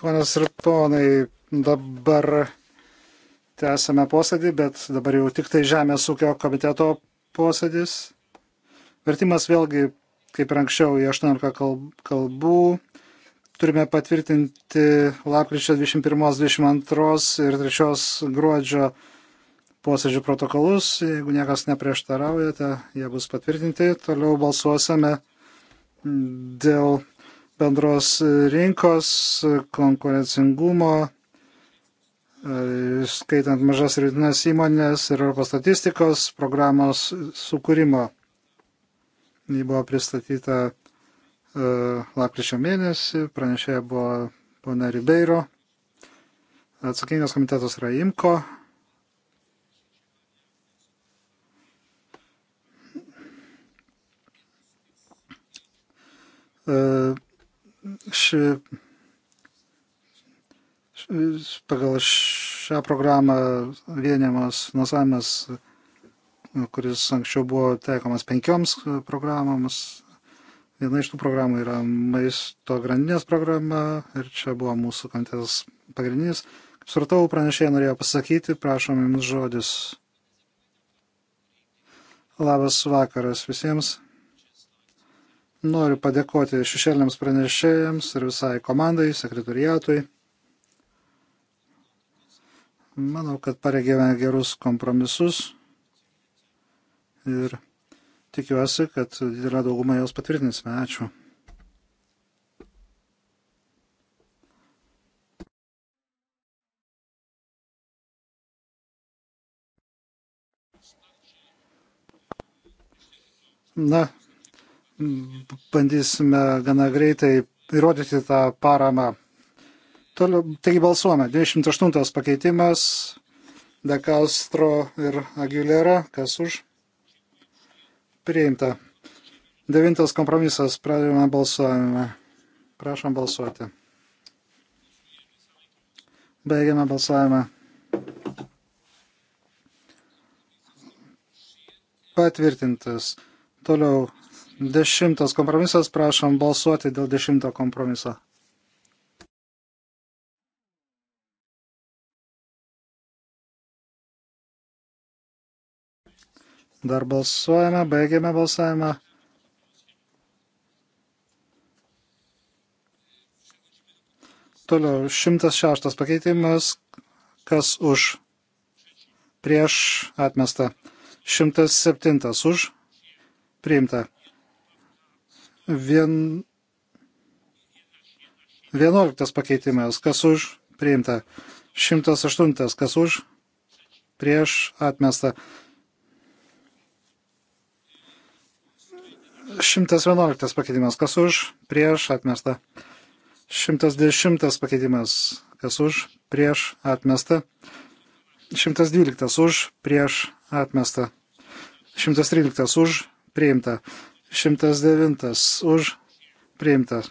Ponios ir ponai, dabar tęsame posėdį, bet dabar jau tik tai Žemės ūkio komiteto posėdis. Vertimas vėlgi, kaip ir anksčiau, į 18 kalbų. Turime patvirtinti lapkričio 21, 22 ir 3 gruodžio posėdžių protokolus. Jeigu niekas neprieštaraujate, jie bus patvirtinti. Toliau balsuosime dėl bendros rinkos, konkurencingumo, skaitant mažas ir vidutinės įmonės ir Europos statistikos programos sukūrimo. Ji buvo pristatyta e, lapkričio mėnesį, pranešėja buvo pana Ribeiro. Atsakingas komitetas yra IMKO, e, ši, ši, pagal šią programą vieniamas finansavimas, kuris anksčiau buvo taikomas penkioms programoms, viena iš tų programų yra maisto grandinės programa ir čia buvo mūsų komitės pagrindinis. Kaip suratau, pranešėjai norėjo pasakyti, prašom jums žodis. Labas vakaras visiems. Noriu padėkoti šešėliams pranešėjams ir visai komandai, sekretariatui. Manau, kad pareigėme gerus kompromisus ir tikiuosi, kad didelę daugumą jos patvirtinsime. Ačiū. Na, bandysime gana greitai įrodyti tą paramą. Toliau, taigi balsuojame. 28 pakeitimas. De Castro ir Aguilera. Kas už? Priimta. Devintas kompromisas. Pradėjome balsuojame. Prašom balsuoti. Baigiame balsavimą. Patvirtintas. Toliau Dešimtas kompromisas, prašom balsuoti dėl dešimto kompromiso. Dar balsuojame, baigiame balsavimą. Toliau, 106 pakeitimas, kas už, prieš atmestą, 107 už, priimta. Vien... 11 pakeitimas, kas už, priimta. 108, kas už, prieš, atmesta. 111 pakeitimas, kas už, prieš, atmesta. 110 pakeitimas, kas už, prieš, atmesta. 112 už, prieš, atmesta. 113 už, priimta. 109 už priimta.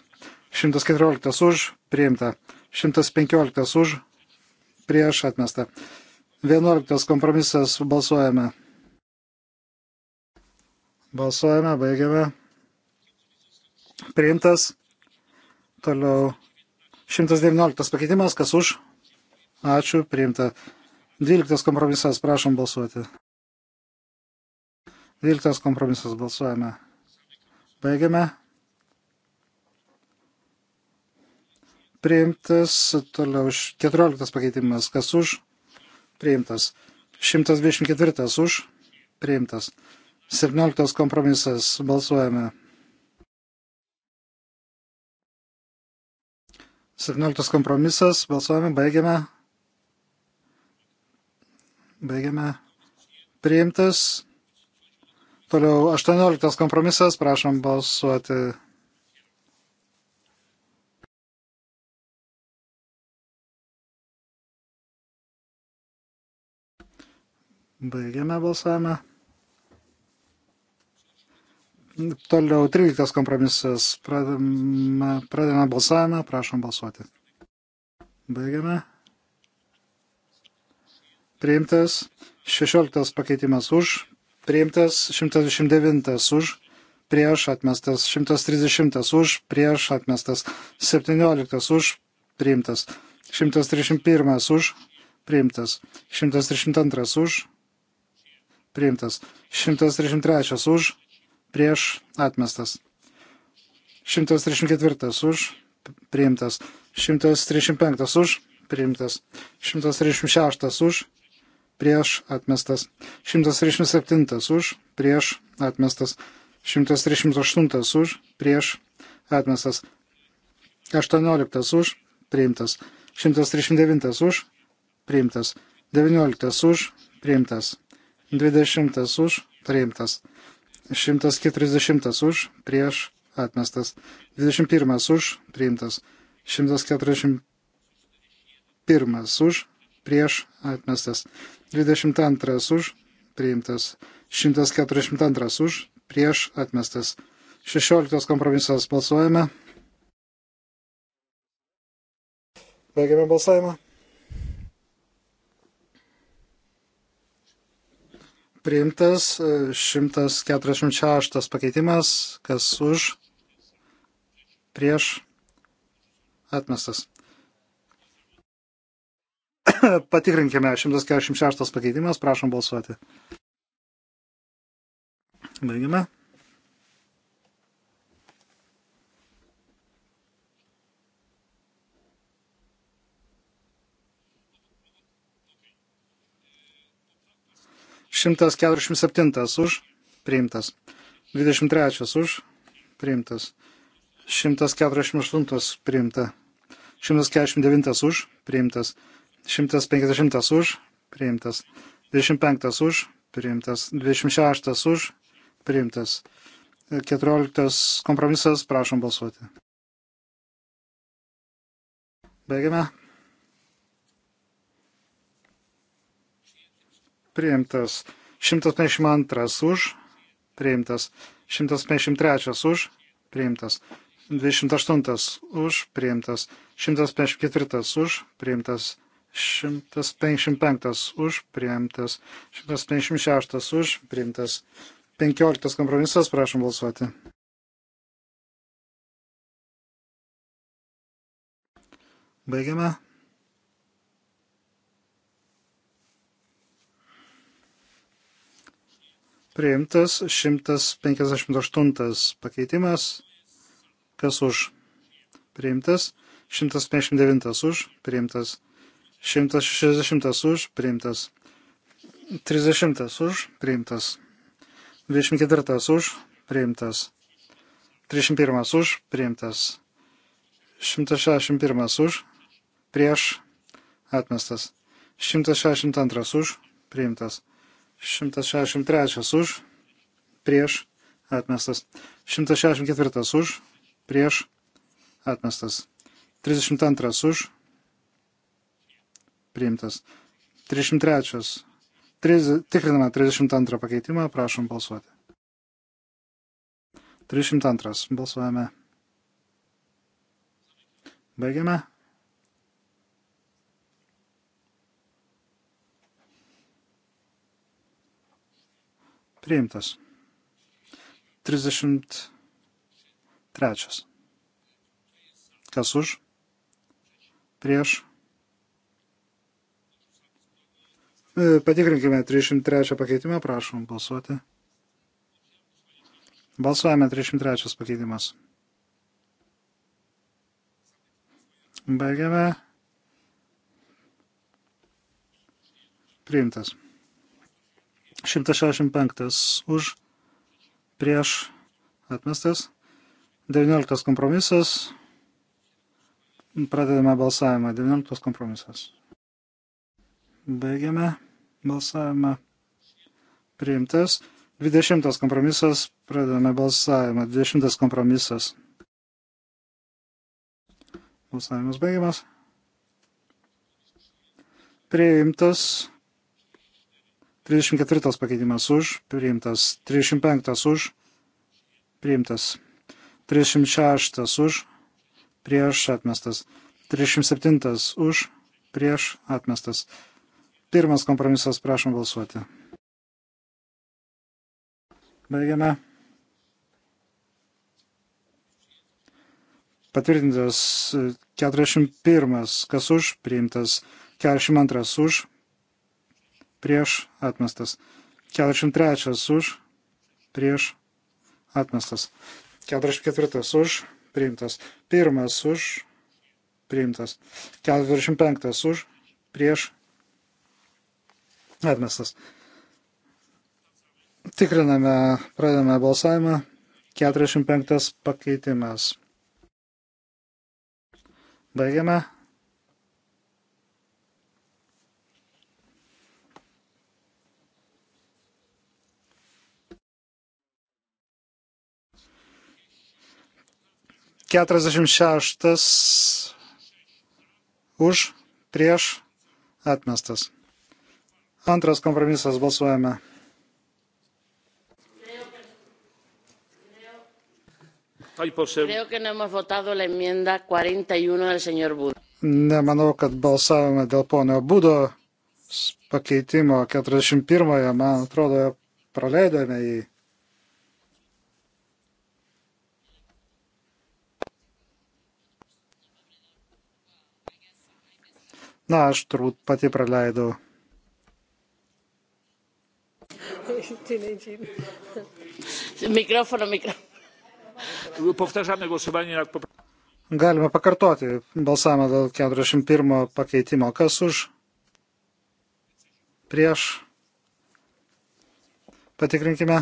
114 už priimta. 115 už prieš atmestą. 11 kompromisas balsuojame. Balsuojame, baigiame. Priimtas. Toliau 119 pakeitimas, kas už. Ačiū, priimta. 12 kompromisas, prašom balsuoti. 12 kompromisas balsuojame. Baigiame. Priimtas toliau 14 pakeitimas. Kas už? Priimtas. 124 už? Priimtas. 17 kompromisas. Balsuojame. 17 kompromisas. Balsuojame. Baigiame. Baigiame. Priimtas. Toliau 18 kompromisas, prašom balsuoti. Baigiame balsavimą. Toliau 13 kompromisas. Pradame, pradame balsavimą, prašom balsuoti. Baigiame. Priimtas 16 pakeitimas už, priimtas 129 už, prieš atmestas 130 už, prieš atmestas 17 už, priimtas 131 už, priimtas 132 už, priimtas 133 už, prieš atmestas 134 už, priimtas 135 už, priimtas 136 už, prieš atmestas. 137 už, prieš atmestas. 138 už, prieš atmestas. 18 už, priimtas. 139 už, priimtas. 19 už, priimtas. 20 už, priimtas. 140 už, prieš atmestas. 21 už, priimtas. 141 už, prieš atmestas, 22 už priimtas, 142 už prieš atmestas, 16 kompromisas balsuojame. Baigiame balsavimą. Priimtas 146 pakeitimas, kas už, prieš, atmestas. Patikrinkime 146 pakeitimas, prašom balsuoti. Baigime. Šimtas keturiasdešimt septintas už priimtas. Dvidešimt trečias už priimtas. Šimtas keturiasdešimt aštuntas priimta. Šimtas keturiasdešimt devintas už priimtas. 150 už, priimtas. 25 už, priimtas. 26 už, priimtas. 14 kompromisas, prašom balsuoti. Baigiame. Priimtas. 152 už, priimtas. 153 už, priimtas. 28 už, priimtas. 154 už, priimtas. 155 už priimtas, 156 už priimtas, 15 kompromisas, prašom balsuoti. Baigiame. Priimtas 158 pakeitimas, kas už priimtas, 159 už priimtas. 160 už priimtas. 30 už priimtas. 24 už priimtas. 31 už priimtas. 161 už prieš atmestas. 162 už priimtas. 163 už prieš atmestas. 164 už prieš atmestas. 32 už priimtas. 33. Triz, tikriname 32 pakeitimą, prašom balsuoti. 302. Balsuojame. Baigiame. Priimtas. 33. Kas už? Prieš. E, patikrinkime 303 pakeitimą, prašom balsuoti. Balsuojame 303 pakeitimas. Baigiame. Priimtas. 165 už, prieš, atmestas. 19 kompromisas. Pradedame balsavimą. 19 kompromisas. Baigiame. Balsavimą priimtas. 20 kompromisas, pradedame balsavimą. 20 kompromisas. Balsavimas baigiamas. Priimtas. 34 pakeitimas už, priimtas. 35 už, priimtas. 36 už, prieš atmestas. 37 už, prieš atmestas. Pirmas kompromisas, prašom balsuoti. Baigiame. Patvirtintas 41, e, kas už, priimtas 42 už, prieš atmestas. 43 už, prieš atmestas. 44 už, priimtas. 1 už, priimtas. 45 už, prieš Atmestas. Tikriname, pradedame balsavimą. 45 pakeitimas. Baigiame. Keturiasdešimt šeštas už prieš atmestas. Antras kompromisas balsuojame. Eh, Creo que no hemos votado la enmienda 41 del señor Budo. Nemanau, kad balsavome dėl ponio Budo pakeitimo 41-ojo, man atrodo, praleidome jį. Na, aš turbūt pati praleidau. Mikrofono, mikrofono. Powtarzamy głosowanie nad poprawką. Galime pakartoti balsavimą dėl 41 pakeitimo. Kas už? Prieš? Patikrinkime.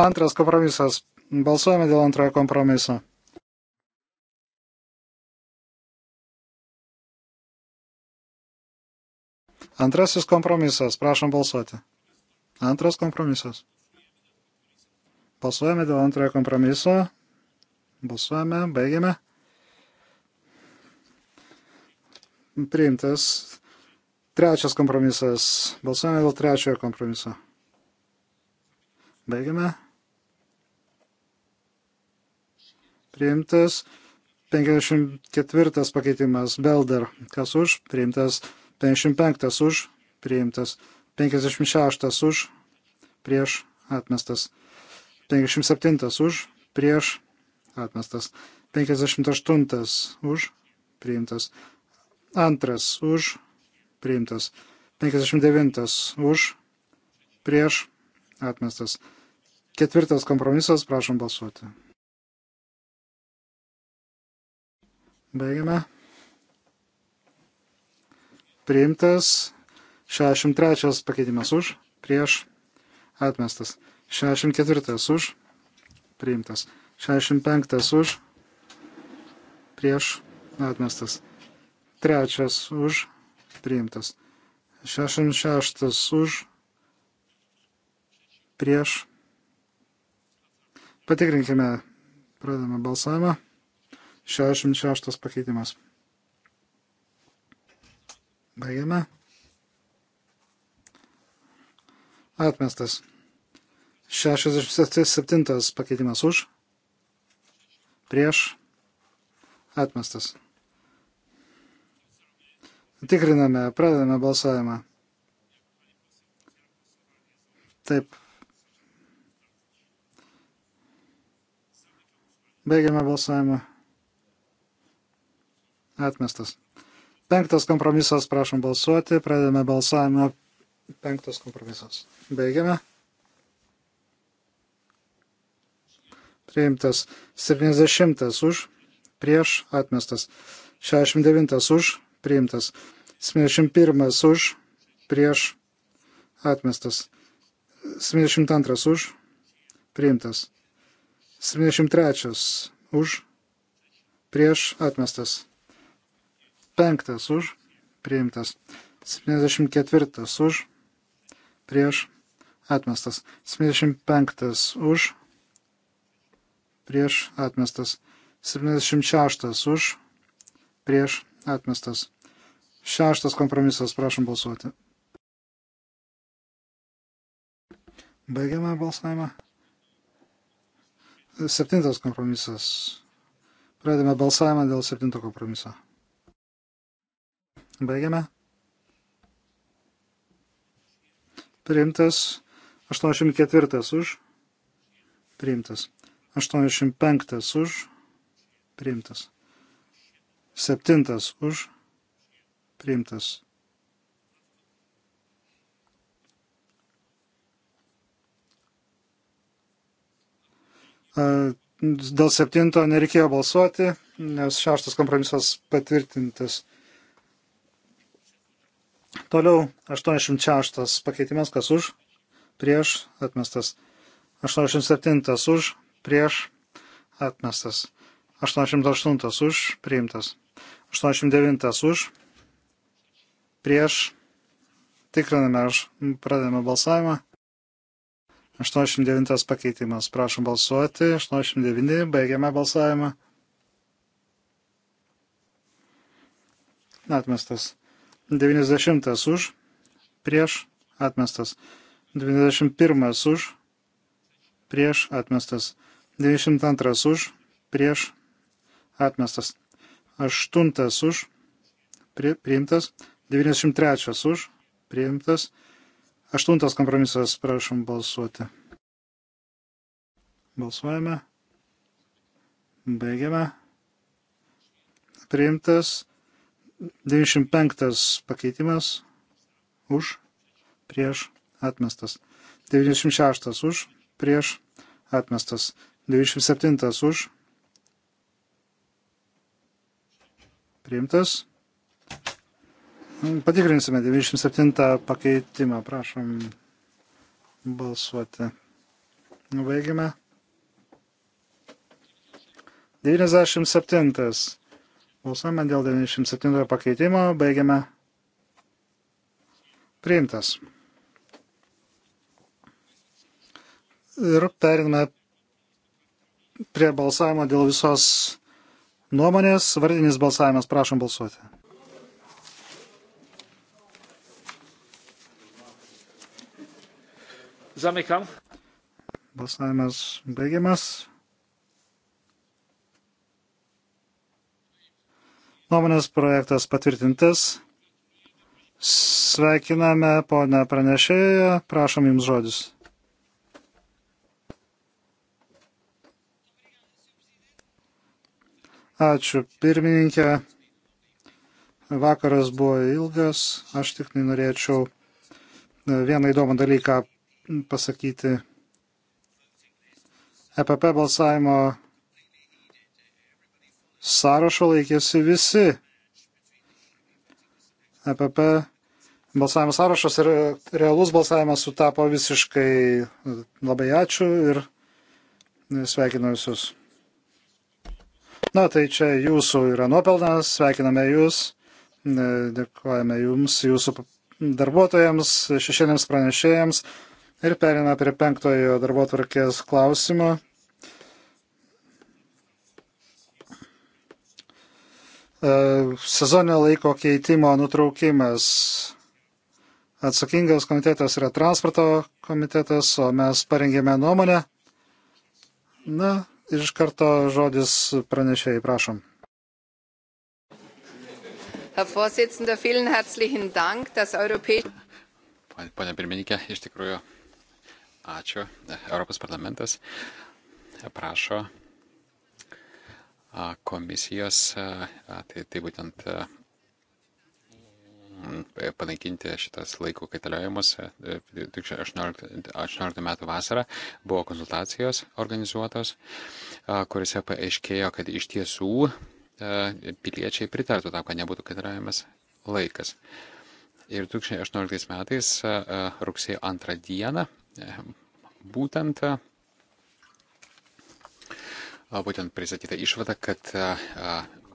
Antras kompromisas. Balsuojame dėl antrojo kompromiso. Antrasis kompromisas. Prašom balsuoti. Antras kompromisas. Balsuojame dėl antrojo kompromiso. Balsuojame, baigiame. Priimtas. Trečias kompromisas. Balsuojame dėl trečiojo kompromiso. Baigiame. Priimtas. 54 pakeitimas. Belder. Kas už? Priimtas. 55 už, priimtas. 56 už, prieš, atmestas. 57 už, prieš, atmestas. 58 už, priimtas. Antras už, priimtas. 59 už, prieš, atmestas. Ketvirtas kompromisas, prašom balsuoti. Baigiame priimtas. 63 pakeitimas už, prieš, atmestas. 64 už, priimtas. 65 už, prieš, atmestas. 3 už, priimtas. 66 už, prieš. Patikrinkime, pradame balsavimą. 66 pakeitimas. Baigiame. Atmestas. 67 pakeitimas už. Prieš. Atmestas. Tikriname, pradedame balsavimą. Taip. Baigiame balsavimą. Atmestas. Penktas kompromisas, prašom balsuoti. Pradedame balsavimą. Penktas kompromisas. Baigiame. Priimtas 70 už, prieš atmestas. 69 už, priimtas. 71 už, prieš atmestas. 72 už, priimtas. 73 už, prieš atmestas už, priimtas. 74 už, prieš, atmestas. 75 už, prieš, atmestas. 76 už, prieš, atmestas. Šeštas kompromisas, prašom balsuoti. Baigiame balsavimą. Septintas kompromisas. Pradėme balsavimą dėl septinto kompromiso. Baigiame. Priimtas. 84 už. Priimtas. 85 už. Priimtas. 7 už. Priimtas. Dėl septinto nereikėjo balsuoti, nes šeštas kompromisas patvirtintas. Toliau 86 pakeitimas, kas už, prieš, atmestas. 87 už, prieš, atmestas. 88 už, priimtas. 89 už, prieš, tikriname, aš pradėjome balsavimą. 89 pakeitimas, prašom balsuoti. 89, baigiame balsavimą. Atmestas. 90 už, prieš atmestas. 91 už, prieš atmestas. 92 už, prieš atmestas. 8 už, pri, priimtas. 93 už, priimtas. 8 kompromisas, prašom balsuoti. Balsuojame. Baigiame. Priimtas. 95 pakeitimas už, prieš, atmestas. 96 už, prieš, atmestas. 97 už, priimtas. Patikrinsime 97 pakeitimą, prašom balsuoti. Baigime. 97. Balsuojame dėl 97 pakeitimo, baigiame. Priimtas. Ir periname prie balsavimo dėl visos nuomonės. Vardinis balsavimas, prašom balsuoti. Zamykam. Balsavimas baigiamas. Nuomonės projektas patvirtintas. Sveikiname ponę pranešėją. Prašom jums žodis. Ačiū pirmininkė. Vakaras buvo ilgas. Aš tik norėčiau e, vieną įdomų dalyką pasakyti. EPP balsavimo sąrašo laikėsi visi. EPP balsavimo sąrašas ir realus balsavimas sutapo visiškai. Labai ačiū ir sveikinu visus. Na, tai čia jūsų yra nuopelnas, sveikiname jūs, e, dėkojame jums, jūsų darbuotojams, šešėlėms pranešėjams ir perina prie penktojo darbo tvarkės klausimo. E, sezoninio laiko keitimo nutraukimas. Atsakingas komitetas yra transporto komitetas, o mes parengėme nuomonę. Na, iš karto žodis pranešėjai, prašom. Herr Vorsitzender, vielen herzlichen Dank, dass Europäische. Pane pirmininkė, iš tikrųjų, ačiū. Europos parlamentas prašo komisijos, tai, tai būtent panaikinti šitas laiko kaitaliojimus. 2018 e, metų vasarą buvo konsultacijos organizuotos, kuriuose paaiškėjo, kad iš tiesų piliečiai pritartų tam, kad nebūtų kaitaliojimas laikas. Ir 2018 metais rugsėjo antrą dieną e, būtent būtent pristatyta išvada, kad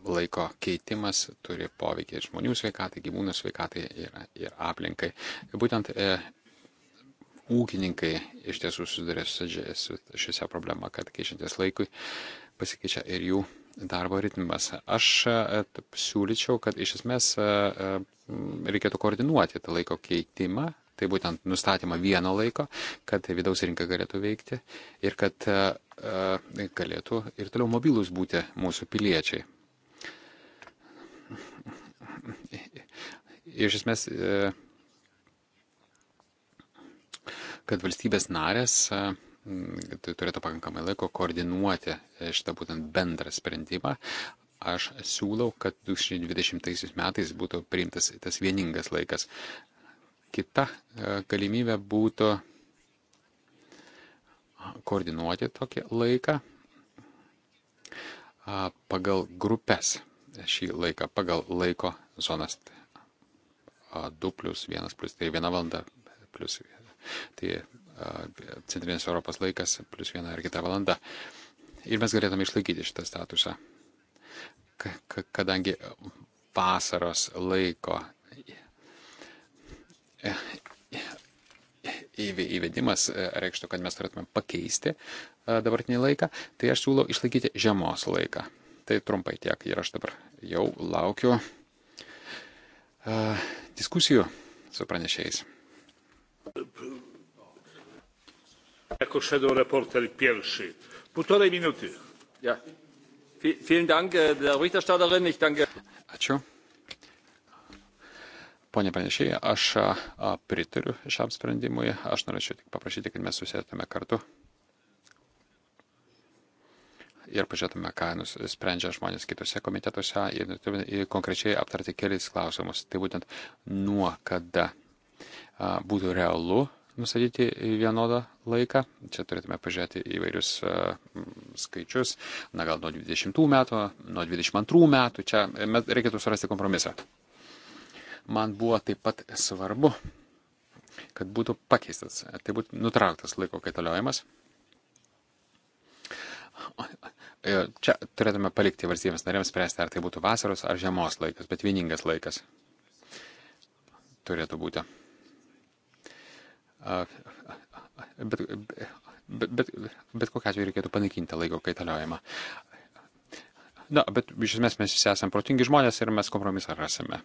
laiko keitimas turi poveikį žmonių sveikatai, gyvūnų sveikatai ir, ir aplinkai. Būtent e, ūkininkai iš tiesų susiduria su šią problemą, kad keičiantis laikui pasikeičia ir jų darbo ritmas. Aš siūlyčiau, kad iš esmės reikėtų koordinuoti tą laiko keitimą Tai būtent nustatymą vieno laiko, kad tai vidaus rinka galėtų veikti ir kad e, e, galėtų ir toliau mobilus būti mūsų piliečiai. Iš esmės, e, kad valstybės narės tai turėtų pakankamai laiko koordinuoti šitą būtent bendrą sprendimą. Aš siūlau, kad 2020 metais būtų priimtas tas vieningas laikas kita e, galimybė būtų koordinuoti tokį laiką pagal grupės šį laiką, pagal laiko zonas. 2 plus 1 plus, tai 1 valanda plus, tai centrinės Europos laikas plus 1 ar kita valanda. Ir mes galėtume išlaikyti šitą statusą, kadangi vasaros laiko įvedimas e, reikštų, kad mes turėtume pakeisti e, dabartinį laiką, tai aš siūlau išlaikyti žiemos laiką. Tai trumpai tiek ir aš dabar jau laukiu e, diskusijų su pranešėjais. Jako šedo reporter pierwszy. Półtorej minuty. Ja. Vielen Dank der Berichterstatterin. Ich danke. Ačiū. Pone pranešėjai, aš pritariu šiam sprendimui. Aš norėčiau tik paprašyti, kad mes susėtume kartu ir pažiūrėtume, ką sprendžia žmonės kitose komitetuose ir konkrečiai aptarti keliais klausimus. Tai būtent nuo kada būtų realu nustatyti vienodą laiką. Čia turėtume pažiūrėti įvairius skaičius, na gal nuo 20 metų, nuo 22 metų, čia e, reikėtų surasti kompromisą man buvo taip pat svarbu, kad būtų pakeistas, tai būtų nutrauktas laiko kaitaliojimas. Čia turėtume palikti valstybės narėms spręsti, ar tai būtų vasaros ar žiemos laikas, bet vieningas laikas turėtų būti. Bet, bet, bet, bet kokia atveju reikėtų panaikinti laiko kaitaliojimą. Na, bet iš esmės mes visi esame protingi žmonės ir mes kompromisą rasime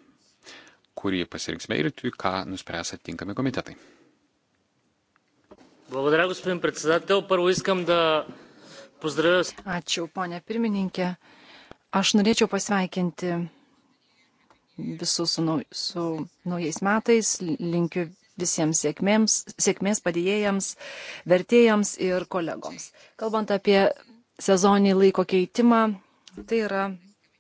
kurį pasirinksime ir ką nuspręs atitinkami komitetai. Благодаря, господин председател. Първо искам да поздравя. Ačiū, ponė pirmininkė. Aš norėčiau pasveikinti visus su, nau, su naujais metais. Linkiu visiems sėkmėms, sėkmės padėjėjams, vertėjams ir kolegoms. Kalbant apie sezoninį laiko keitimą, tai yra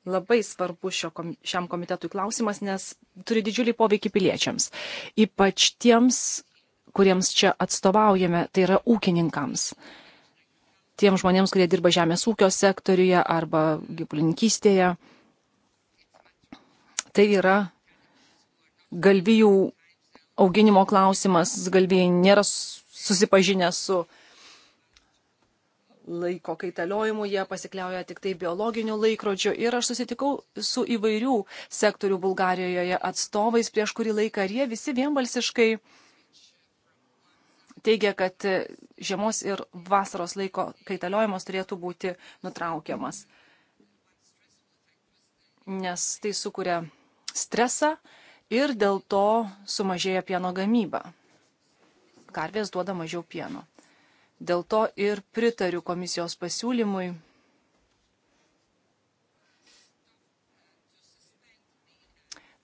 labai svarbus šio, šiam komitetui klausimas, nes turi didžiulį poveikį piliečiams. Ypač tiems, kuriems čia atstovaujame, tai yra ūkininkams. Tiems žmonėms, kurie dirba žemės ūkio sektoriuje arba gyvulininkystėje. Tai yra galvijų auginimo klausimas, galvijai nėra susipažinę su laiko kaitaliojimu, jie pasikliauja tik tai biologiniu laikrodžiu. Ir aš susitikau su įvairių sektorių Bulgarijoje atstovais prieš kurį laiką ir jie visi vienbalsiškai teigia, kad žiemos ir vasaros laiko kaitaliojimas turėtų būti nutraukiamas. Nes tai sukuria stresą ir dėl to sumažėja pieno gamyba. Karvės duoda mažiau pieno. Dėl to ir pritariu komisijos pasiūlymui.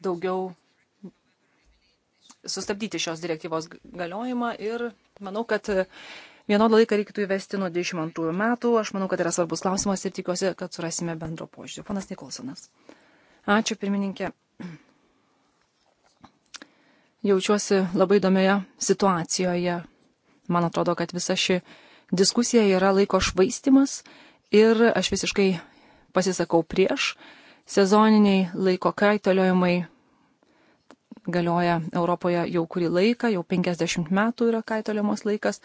Daugiau sustabdyti šios direktyvos galiojimą ir manau, kad vienodą laiką reikėtų įvesti nuo 22 metų. Aš manau, kad yra svarbus klausimas ir tikiuosi, kad surasime bendro požiūrį. Ponas Nikolsonas. Ačiū, pirmininkė. Jaučiuosi labai įdomioje situacijoje Man atrodo, kad visa ši diskusija yra laiko švaistimas ir aš visiškai pasisakau prieš. Sezoniniai laiko kaitaliojimai galioja Europoje jau kurį laiką, jau 50 metų yra kaitaliojamos laikas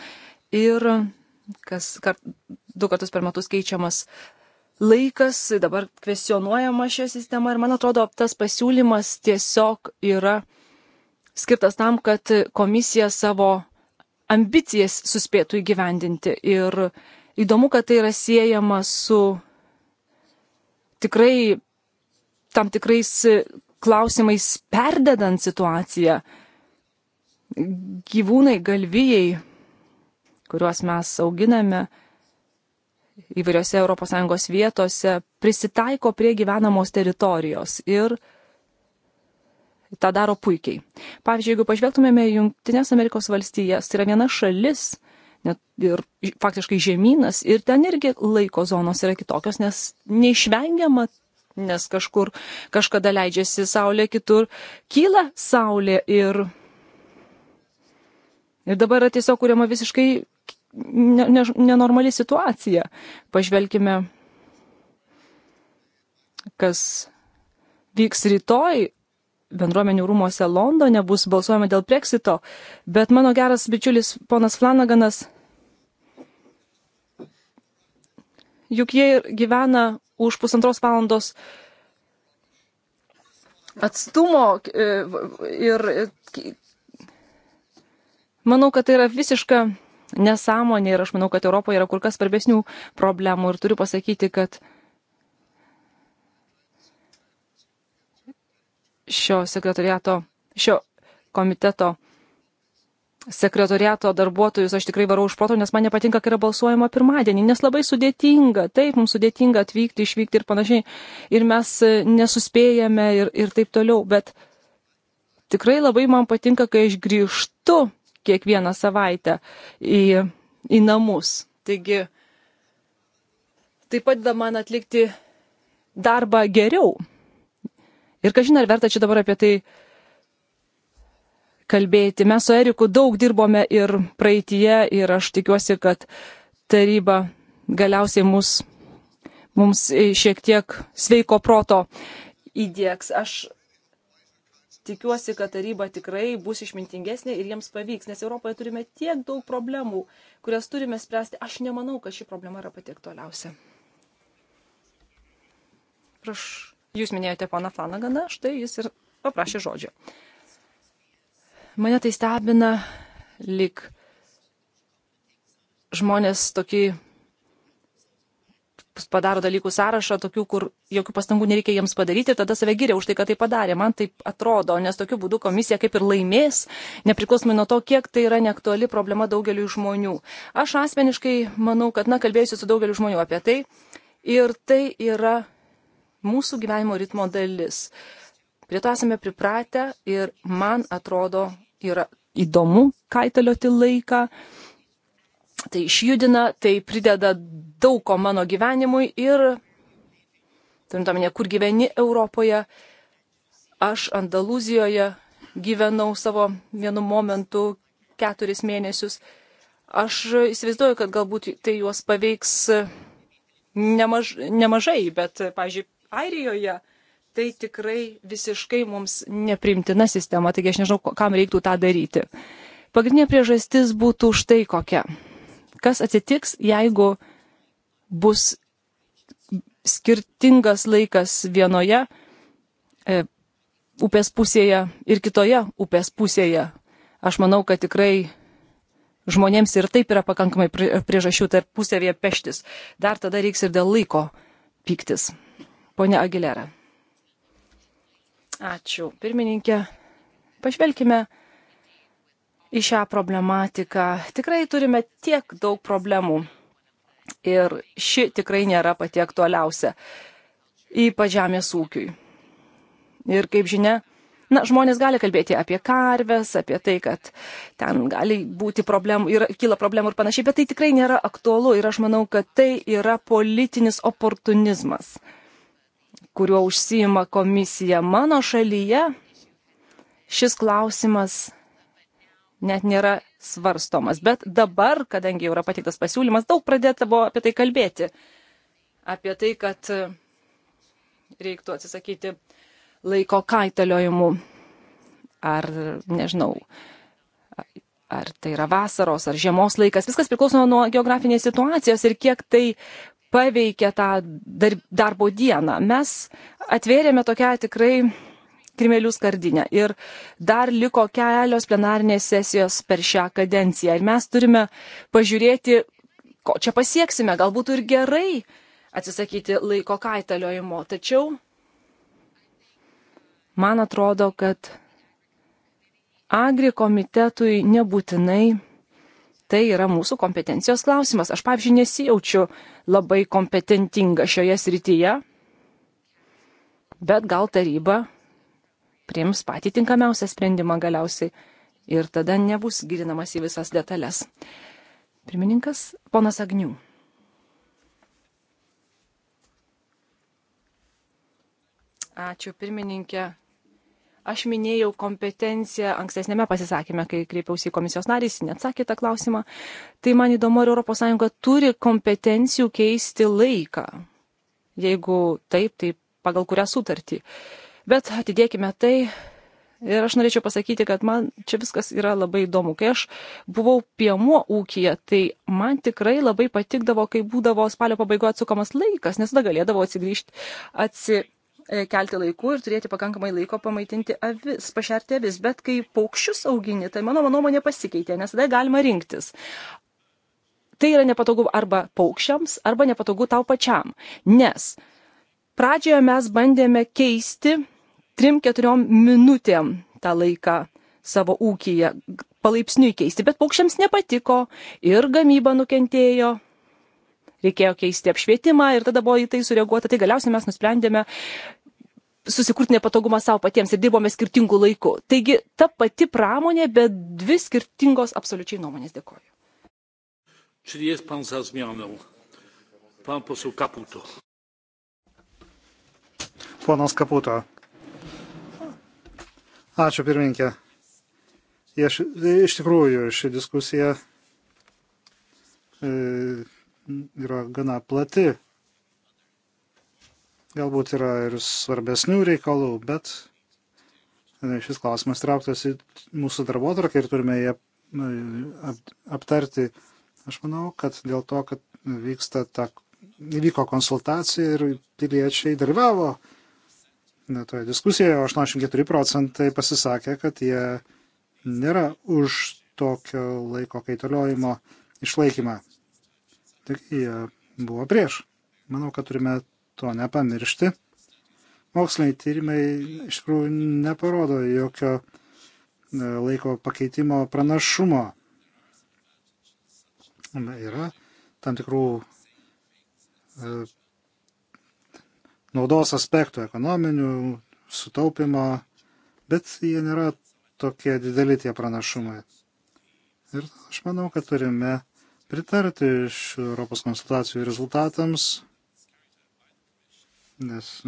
ir kas kart, du kartus per metus keičiamas laikas, dabar kvesionuojama šią sistemą ir man atrodo, tas pasiūlymas tiesiog yra skirtas tam, kad komisija savo ambicijas suspėtų įgyvendinti. Ir įdomu, kad tai yra siejama su tikrai tam tikrais klausimais perdedant situaciją. Gyvūnai galvijai, kuriuos mes auginame įvairiose ES vietose, prisitaiko prie gyvenamos teritorijos ir tą daro puikiai. Pavyzdžiui, jeigu pažvelgtumėme Junktinės Amerikos valstijas, tai yra viena šalis, net ir faktiškai žemynas, ir ten irgi laiko zonos yra kitokios, nes neišvengiama, nes kažkur kažkada leidžiasi saulė, kitur kyla saulė ir, ir dabar yra tiesiog kuriama visiškai ne, ne, nenormali situacija. Pažvelkime, kas vyks rytoj bendruomenių rūmose Londone bus balsuojama dėl Brexito, bet mano geras bičiulis ponas Flanaganas, juk jie gyvena už pusantros valandos atstumo e, ir e, manau, kad tai yra visiška nesąmonė ir aš manau, kad Europoje yra kur kas svarbesnių problemų ir turiu pasakyti, kad šio sekretoriato, šio komiteto sekretoriato darbuotojus aš tikrai varau už proto, nes man nepatinka, kai yra balsuojama pirmadienį, nes labai sudėtinga, taip, mums sudėtinga atvykti, išvykti ir panašiai, ir mes e, nesuspėjame ir, ir taip toliau, bet tikrai labai man patinka, kai aš grįžtu kiekvieną savaitę į, į namus. Taigi, tai padeda man atlikti darbą geriau. Ir kažin ar verta čia dabar apie tai kalbėti. Mes su Eriku daug dirbome ir praeitie ir aš tikiuosi, kad taryba galiausiai mus, mums šiek tiek sveiko proto įdėks. Aš tikiuosi, kad taryba tikrai bus išmintingesnė ir jiems pavyks, nes Europoje turime tiek daug problemų, kurias turime spręsti. Aš nemanau, kad ši problema yra pati aktualiausia. Prašau. Jūs minėjote poną Flanaganą, štai jis ir paprašė žodžio. Mane tai stebina, lik žmonės tokį padaro dalykų sąrašą, tokių, kur jokių pastangų nereikia jiems padaryti ir tada save giria už tai, kad tai padarė. Man taip atrodo, nes tokiu būdu komisija kaip ir laimės, nepriklausomai nuo to, kiek tai yra neaktuali problema daugeliu žmonių. Aš asmeniškai manau, kad, na, kalbėjusiu su daugeliu žmonių apie tai ir tai yra mūsų gyvenimo ritmo dalis. Prie to esame pripratę ir man atrodo yra įdomu kaitalioti laiką. Tai išjudina, tai prideda daug ko mano gyvenimui ir, turint omenyje, kur gyveni Europoje, aš Andalūzijoje gyvenau savo vienu momentu keturis mėnesius. Aš įsivaizduoju, kad galbūt tai juos paveiks nemaž, nemažai, bet, pažiūrėjau, Airijoje, tai tikrai visiškai mums neprimtina sistema, taigi aš nežinau, kam reiktų tą daryti. Pagrindinė priežastis būtų štai kokia. Kas atsitiks, jeigu bus skirtingas laikas vienoje e, upės pusėje ir kitoje upės pusėje. Aš manau, kad tikrai žmonėms ir taip yra pakankamai priežasčių tarpusavėje peštis. Dar tada reiks ir dėl laiko pyktis. Pone Agilera. Ačiū, pirmininkė. Pažvelkime į šią problematiką. Tikrai turime tiek daug problemų ir ši tikrai nėra pati aktualiausia, ypač žemės ūkiui. Ir kaip žinia, na, žmonės gali kalbėti apie karves, apie tai, kad ten gali būti problemų ir kyla problemų ir panašiai, bet tai tikrai nėra aktualu ir aš manau, kad tai yra politinis oportunizmas kuriuo užsijima komisija mano šalyje, šis klausimas net nėra svarstomas. Bet dabar, kadangi jau yra patiktas pasiūlymas, daug pradėta buvo apie tai kalbėti. Apie tai, kad reiktų atsisakyti laiko kaitaliojimų. Ar, nežinau, ar tai yra vasaros, ar žiemos laikas. Viskas priklauso nuo geografinės situacijos ir kiek tai paveikia tą dar, darbo dieną. Mes atvėrėme tokią tikrai krimelių skardinę ir dar liko kelios plenarinės sesijos per šią kadenciją. Ir mes turime pažiūrėti, ko čia pasieksime. Galbūt ir gerai atsisakyti laiko kaitaliojimo. Tačiau man atrodo, kad agri komitetui nebūtinai tai yra mūsų kompetencijos klausimas. Aš, pavyzdžiui, nesijaučiu labai kompetentinga šioje srityje, bet gal taryba priims patį tinkamiausią sprendimą galiausiai ir tada nebus gilinamas į visas detalės. Pirmininkas ponas Agnių. Ačiū pirmininkė. Aš minėjau kompetenciją ankstesnėme pasisakymė, kai kreipiausi į komisijos narį, jis neatsakė tą klausimą. Tai man įdomu, ar ES turi kompetencijų keisti laiką. Jeigu taip, tai pagal kurią sutartį. Bet atidėkime tai. Ir aš norėčiau pasakyti, kad man čia viskas yra labai įdomu. Kai aš buvau piemuo ūkija, tai man tikrai labai patikdavo, kai būdavo spalio pabaigoje atsukamas laikas, nes tada galėdavo atsigryžti, atsigryžti E, kelti laiku ir turėti pakankamai laiko pamaitinti avis, pašerti avis. Bet kai paukščius augini, tai mano nuomonė pasikeitė, nes tada galima rinktis. Tai yra nepatogu arba paukščiams, arba nepatogu tau pačiam. Nes pradžioje mes bandėme keisti 3-4 minutėm tą laiką savo ūkiją, palaipsniui keisti, bet paukščiams nepatiko ir gamyba nukentėjo. Reikėjo keisti apšvietimą ir tada buvo į tai sureaguota. Tai galiausiai mes nusprendėme susikurti nepatogumą sau patiems ir dirbome skirtingu laiku. Taigi ta pati pramonė, bet dvi skirtingos absoliučiai nuomonės. Dėkoju. Czy jest pan za zmianą? Pan poseł Kaputo. Ponas Kaputo. Ačiū pirminkė. Iš, iš tikrųjų, ši diskusija e, yra gana plati Galbūt yra ir svarbesnių reikalų, bet šis klausimas trauktas į mūsų darbotvarkę ir turime ją aptarti. Aš manau, kad dėl to, kad vyksta ta, įvyko konsultacija ir piliečiai dalyvavo toje diskusijoje, o 84 procentai pasisakė, kad jie nėra už tokio laiko kaitaliojimo išlaikymą. Tik jie buvo prieš. Manau, kad turime to nepamiršti. Moksliniai tyrimai iš tikrųjų neparodo jokio e, laiko pakeitimo pranašumo. Yra tam tikrų e, naudos aspektų ekonominių, sutaupimo, bet jie nėra tokie dideli tie pranašumai. Ir aš manau, kad turime pritarti iš Europos konsultacijų rezultatams nes e,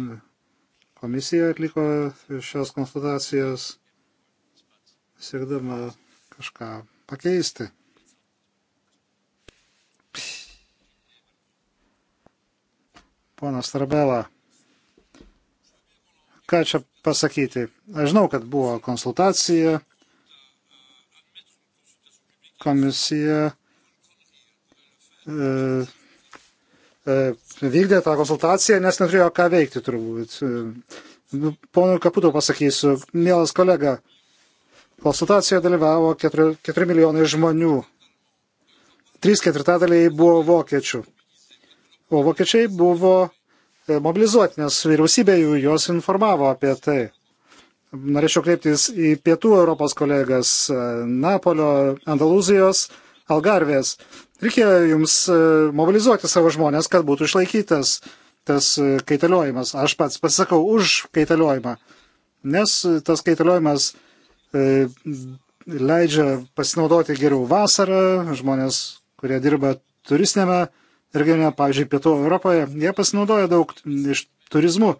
komisija atliko šios konsultacijos siekdama kažką pakeisti. Ponas Trabela, ką čia pasakyti? Aš žinau, kad buvo konsultacija, komisija e, E, vykdė tą konsultaciją, nes neturėjo ką veikti turbūt. E, nu, ponui Kaputu pasakysiu, mielas kolega, konsultacijoje dalyvavo 4, 4 milijonai žmonių. 3 ketvirtadaliai buvo vokiečių. O vokiečiai buvo e, mobilizuoti, nes vyriausybė jų juos informavo apie tai. Norėčiau kreiptis į pietų Europos kolegas Napolio, Andalūzijos, Algarvės. Reikėjo jums e, mobilizuoti savo žmonės, kad būtų išlaikytas tas e, kaitaliojimas. Aš pats pasisakau už kaitaliojimą, nes tas kaitaliojimas e, leidžia pasinaudoti geriau vasarą, žmonės, kurie dirba turistinėme regione, pavyzdžiui, Pietų Europoje, jie pasinaudoja daug iš turizmų.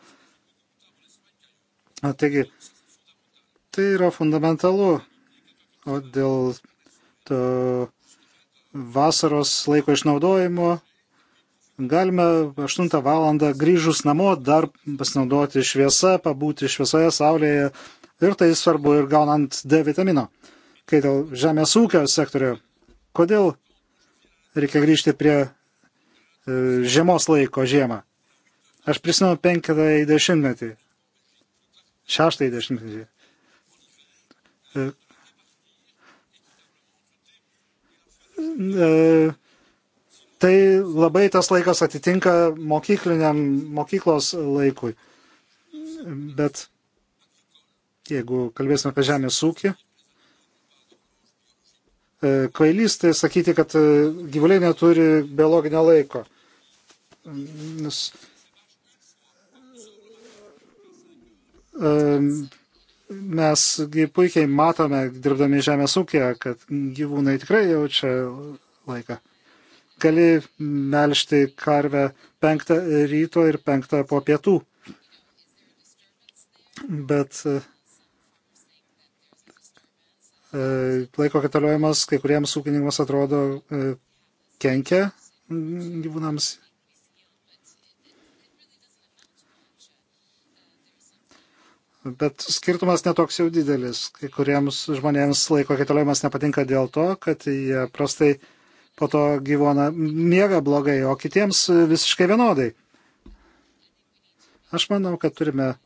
Taigi, tai yra fundamentalu. O dėl to vasaros laiko išnaudojimo galime 8 valandą grįžus namo dar pasinaudoti šviesą, pabūti šviesoje, saulėje ir tai svarbu ir gaunant D vitamino. Kai dėl žemės ūkio sektorio, kodėl reikia grįžti prie e, žiemos laiko žiemą? Aš prisimenu 50-ąjį dešimtmetį, 6-ąjį e, dešimtmetį, E, tai labai tas laikas atitinka mokykliniam, mokyklos laikui. Bet jeigu kalbėsime apie žemės ūkį, e, kvailys tai sakyti, kad e, gyvuliai neturi biologinio laiko. Nes, um, mes puikiai matome, dirbdami žemės ūkėje, kad gyvūnai tikrai jaučia laiką. Gali melšti karvę penktą ryto ir penktą po pietų. Bet e, laiko kataliojimas kai kuriems ūkininkams atrodo e, kenkia gyvūnams. Bet skirtumas netoks jau didelis. Kai kuriems žmonėms laiko kaitaliojimas nepatinka dėl to, kad jie prastai po to gyvona miega blogai, o kitiems visiškai vienodai. Aš manau, kad turime uh,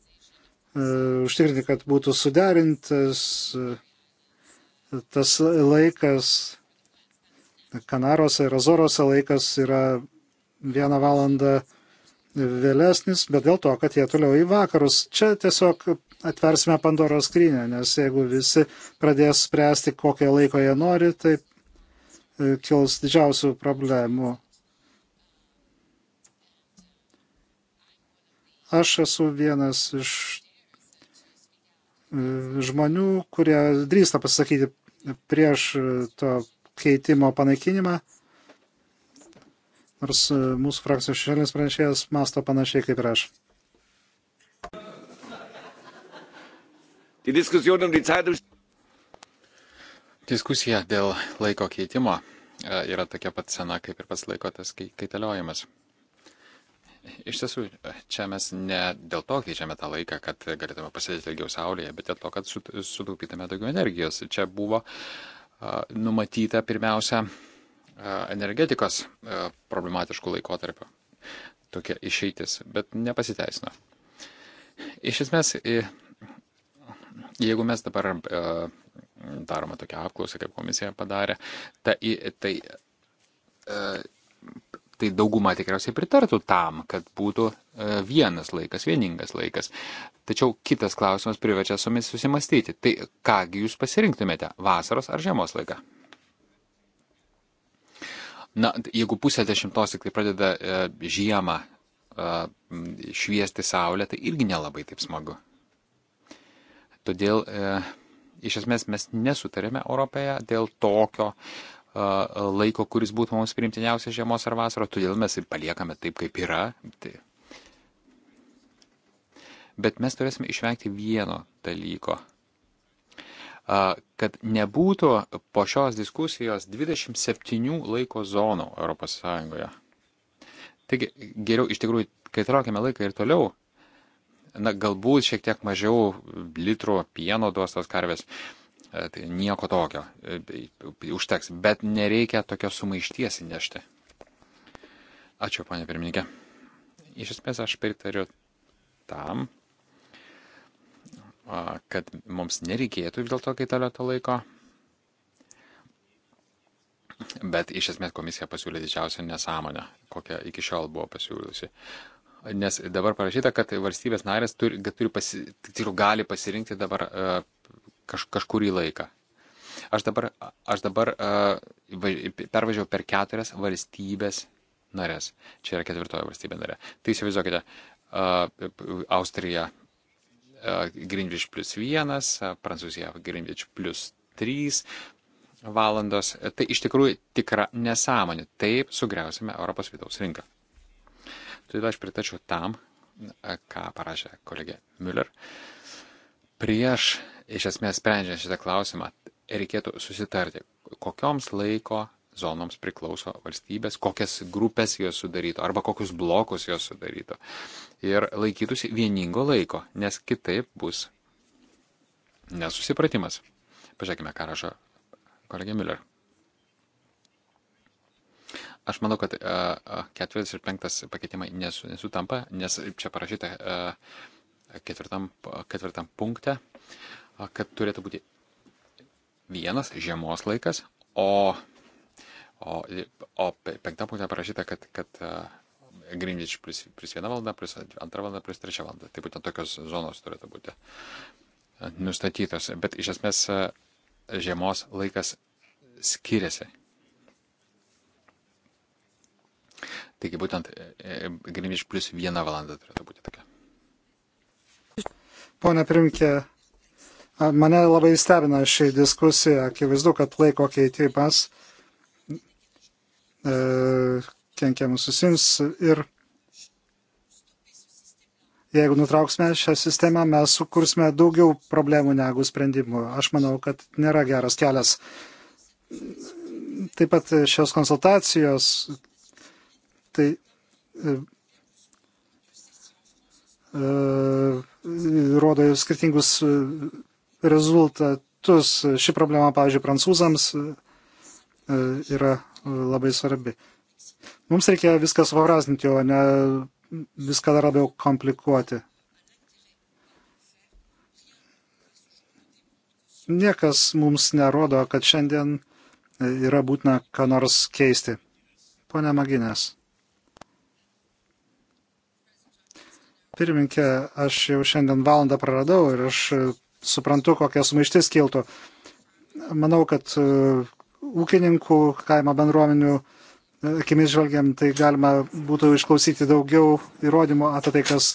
užtikrinti, kad būtų suderintas uh, tas laikas. Kanarose ir Azorose laikas yra vieną valandą uh, vėlesnis, bet dėl to, kad jie toliau į vakarus. Čia tiesiog atversime Pandoros skrynę, nes jeigu visi pradės spręsti, kokią laiko jie nori, tai e, kils didžiausių problemų. Aš esu vienas iš e, žmonių, kurie drįsta pasakyti prieš e, to keitimo panaikinimą nors e, mūsų frakcijos šešėlis pranešėjas masto panašiai kaip ir aš. Um Diskusija dėl laiko keitimo e, yra tokia pat sena, kaip ir pats laiko tas kaitaliojimas. Iš tiesų, e, čia mes ne dėl to keičiame tą laiką, kad galėtume pasėdėti ilgiau saulėje, bet dėl to, kad sutaupytume daugiau energijos. Čia buvo numatyta pirmiausia E, energetikos e, problematiškų laikotarpių. Tokia išeitis, bet nepasiteisino. Iš esmės, jeigu mes dabar e, darome tokią apklausą, kaip komisija padarė, tai, tai, tai dauguma tikriausiai pritartų tam, kad būtų vienas laikas, vieningas laikas. Tačiau kitas klausimas priverčia su mumis susimastyti. Tai kągi jūs pasirinktumėte - vasaros ar žiemos laiką? Na, jeigu pusę dešimtos tik tai pradeda e, žiemą e, šviesti saulė, tai irgi nelabai taip smagu. Todėl e, iš esmės mes nesutarėme Europoje dėl tokio e, laiko, kuris būtų mums priimtiniausias žiemos ar vasaros, todėl mes ir paliekame taip, kaip yra. Tai. Bet mes turėsime išvengti vieno dalyko kad nebūtų po šios diskusijos 27 laiko zonų ES. Taigi geriau iš tikrųjų, kai traukiame laiką ir toliau, na galbūt šiek tiek mažiau litrų pieno duos tos karvės, tai nieko tokio užteks, bet nereikia tokios sumaišties įnešti. Ačiū, panė pirmininkė. Iš esmės aš pritariu tam, kad mums nereikėtų vis dėlto kaitalioto laiko. Bet iš esmės komisija pasiūlė didžiausią nesąmonę, kokią iki šiol buvo pasiūliusi. Nes dabar parašyta, kad valstybės narės turi, turi pasi, tiksliau, gali pasirinkti dabar kaž, kažkurį laiką. Aš dabar, aš dabar pervažiavau per keturias valstybės narės. Čia yra ketvirtoji valstybė narė. Tai įsivaizduokite, Austrija, Greenwich plus 1, Prancūzija Greenwich plus 3 valandos. Tai iš tikrųjų tikra nesąmonė. Taip sugriausime Europos vidaus rinką. Todėl aš pritačiau tam, ką parašė kolegė Müller. Prieš iš esmės sprendžiant šitą klausimą reikėtų susitarti, kokioms laiko zonoms priklauso valstybės, kokias grupės jos sudarytų arba kokius blokus jos sudarytų. Ir laikytųsi vieningo laiko, nes kitaip bus nesusipratimas. Pažiūrėkime, ką rašo kolegė Miller. Aš manau, kad ketvirtas ir penktas pakeitimai nesutampa, nes čia parašyta ketvirtam, ketvirtam punkte, kad turėtų būti vienas žiemos laikas, o O, o penktam punkte parašyta, kad, kad e, Greenwich plus, plus viena valanda, plus antra valanda, plus trečia valanda. Tai būtent tokios zonos turėtų būti e, nustatytos. Bet iš esmės e, žiemos laikas skiriasi. Taigi būtent Greenwich plus viena valanda turėtų būti tokia. Pone Primkė, mane labai stebina ši diskusija. Akivaizdu, kad laiko keitimas. Okay, E, kenkia mūsų sims ir jeigu nutrauksime šią sistemą, mes sukursime daugiau problemų negu sprendimų. Aš manau, kad nėra geras kelias. Taip pat šios konsultacijos, tai e, e rodo skirtingus e, rezultatus. Ši problema, pavyzdžiui, prancūzams e, yra labai svarbi. Mums reikia viską suvarazninti, o ne viską dar labiau komplikuoti. Niekas mums nerodo, kad šiandien yra būtina ką nors keisti. Pone Maginės. Pirminkė, aš jau šiandien valandą praradau ir aš suprantu, kokia sumaištis kiltų. Manau, kad ūkininkų, kaimo bendruomenių e, akimis žvelgiam, tai galima būtų išklausyti daugiau įrodymų apie tai, kas,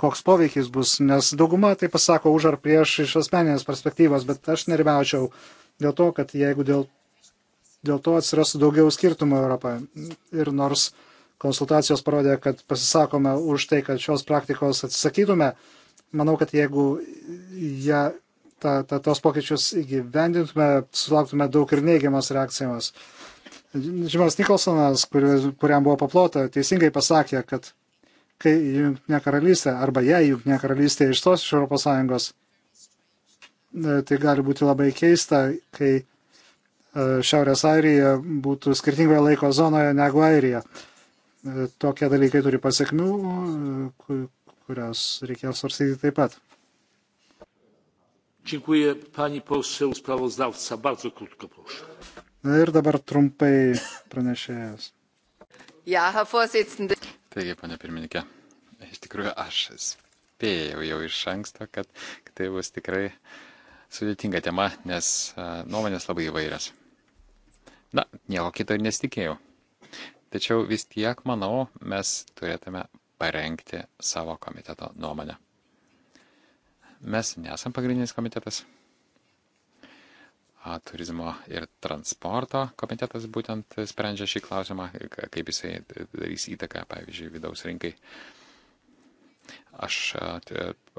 koks poveikis bus, nes dauguma tai pasako už ar prieš iš asmeninės perspektyvos, bet aš nerimaučiau dėl to, kad jeigu dėl, dėl to atsirastų daugiau skirtumų Europoje. Ir nors konsultacijos parodė, kad pasisakome už tai, kad šios praktikos atsisakytume, manau, kad jeigu ją ta, ta, tos pokyčius įgyvendintume, sulauktume daug ir neigiamas reakcijos. Žymas Nikolsonas, kur, kuriam buvo paplota, teisingai pasakė, kad kai Junktinė karalystė arba jei Junktinė karalystė išstos iš ES, e, tai gali būti labai keista, kai e, Šiaurės Airija būtų skirtingoje laiko zonoje negu Airija. E, tokie dalykai turi pasiekmių, kurios reikės svarstyti taip pat. Dziękuję pani poseł sprawozdawca. Bardzo krótko proszę. Na ir dabar trumpai pranešėjas. Ja, Herr Vorsitzende. Taigi, ponia pirmininkė, iš tikrųjų aš spėjau jau iš anksto, kad, kad tai bus tikrai sudėtinga tema, nes nuomonės labai įvairias. Na, nieko kito ir nesitikėjau. Tačiau vis tiek, manau, mes turėtume parengti savo komiteto nuomonę. Mes nesam pagrindinis komitetas. Turizmo ir transporto komitetas būtent sprendžia šį klausimą, kaip jisai darys įtaką, pavyzdžiui, vidaus rinkai. Aš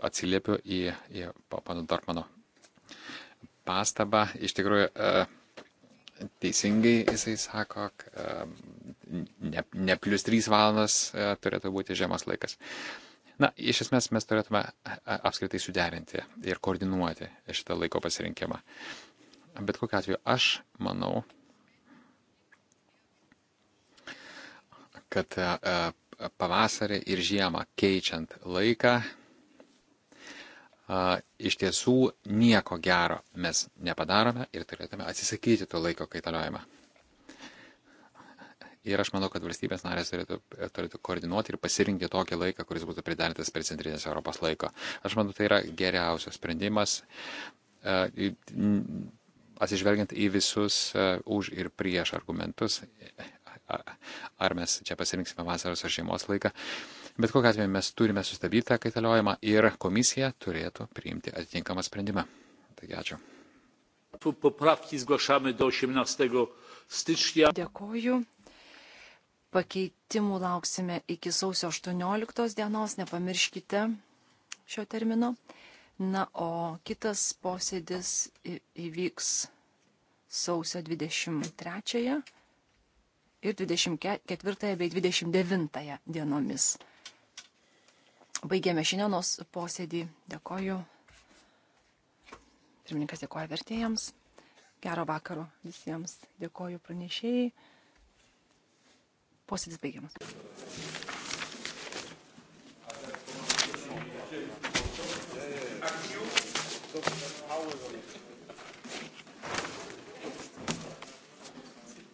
atsiliepiu į, į pano Dortmano pastabą. Iš tikrųjų, teisingai jisai sako, ne, ne plus 3 valandas turėtų būti žiemas laikas. Na, iš esmės mes turėtume apskritai suderinti ir koordinuoti šitą laiko pasirinkimą. Bet kokiu atveju aš manau, kad pavasarį ir žiemą keičiant laiką iš tiesų nieko gero mes nepadarome ir turėtume atsisakyti to laiko kaitaliojimą. Ir aš manau, kad valstybės narės turėtų, turėtų koordinuoti ir pasirinkti tokį laiką, kuris būtų pridarytas prie Centrinės Europos laiko. Aš manau, tai yra geriausias sprendimas, e, atsižvelgiant į visus e, už ir prieš argumentus, ar mes čia pasirinksime vasaros ar žiemos laiką. Bet kokiu atveju mes turime sustabdyti tą kaitaliojimą ir komisija turėtų priimti atitinkamą sprendimą. Taigi ačiū. Poprawki zgłaszamy do 18 stycznia. Dėkoju. Pakeitimų lauksime iki sausio 18 dienos, nepamirškite šio termino. Na, o kitas posėdis įvyks sausio 23 ir 24 bei 29 dienomis. Baigėme šiandienos posėdį. Dėkoju. Pirmininkas dėkoja vertėjams. Gero vakaro visiems. Dėkoju pranešėjai. Posėdis baigiamas. Thank you.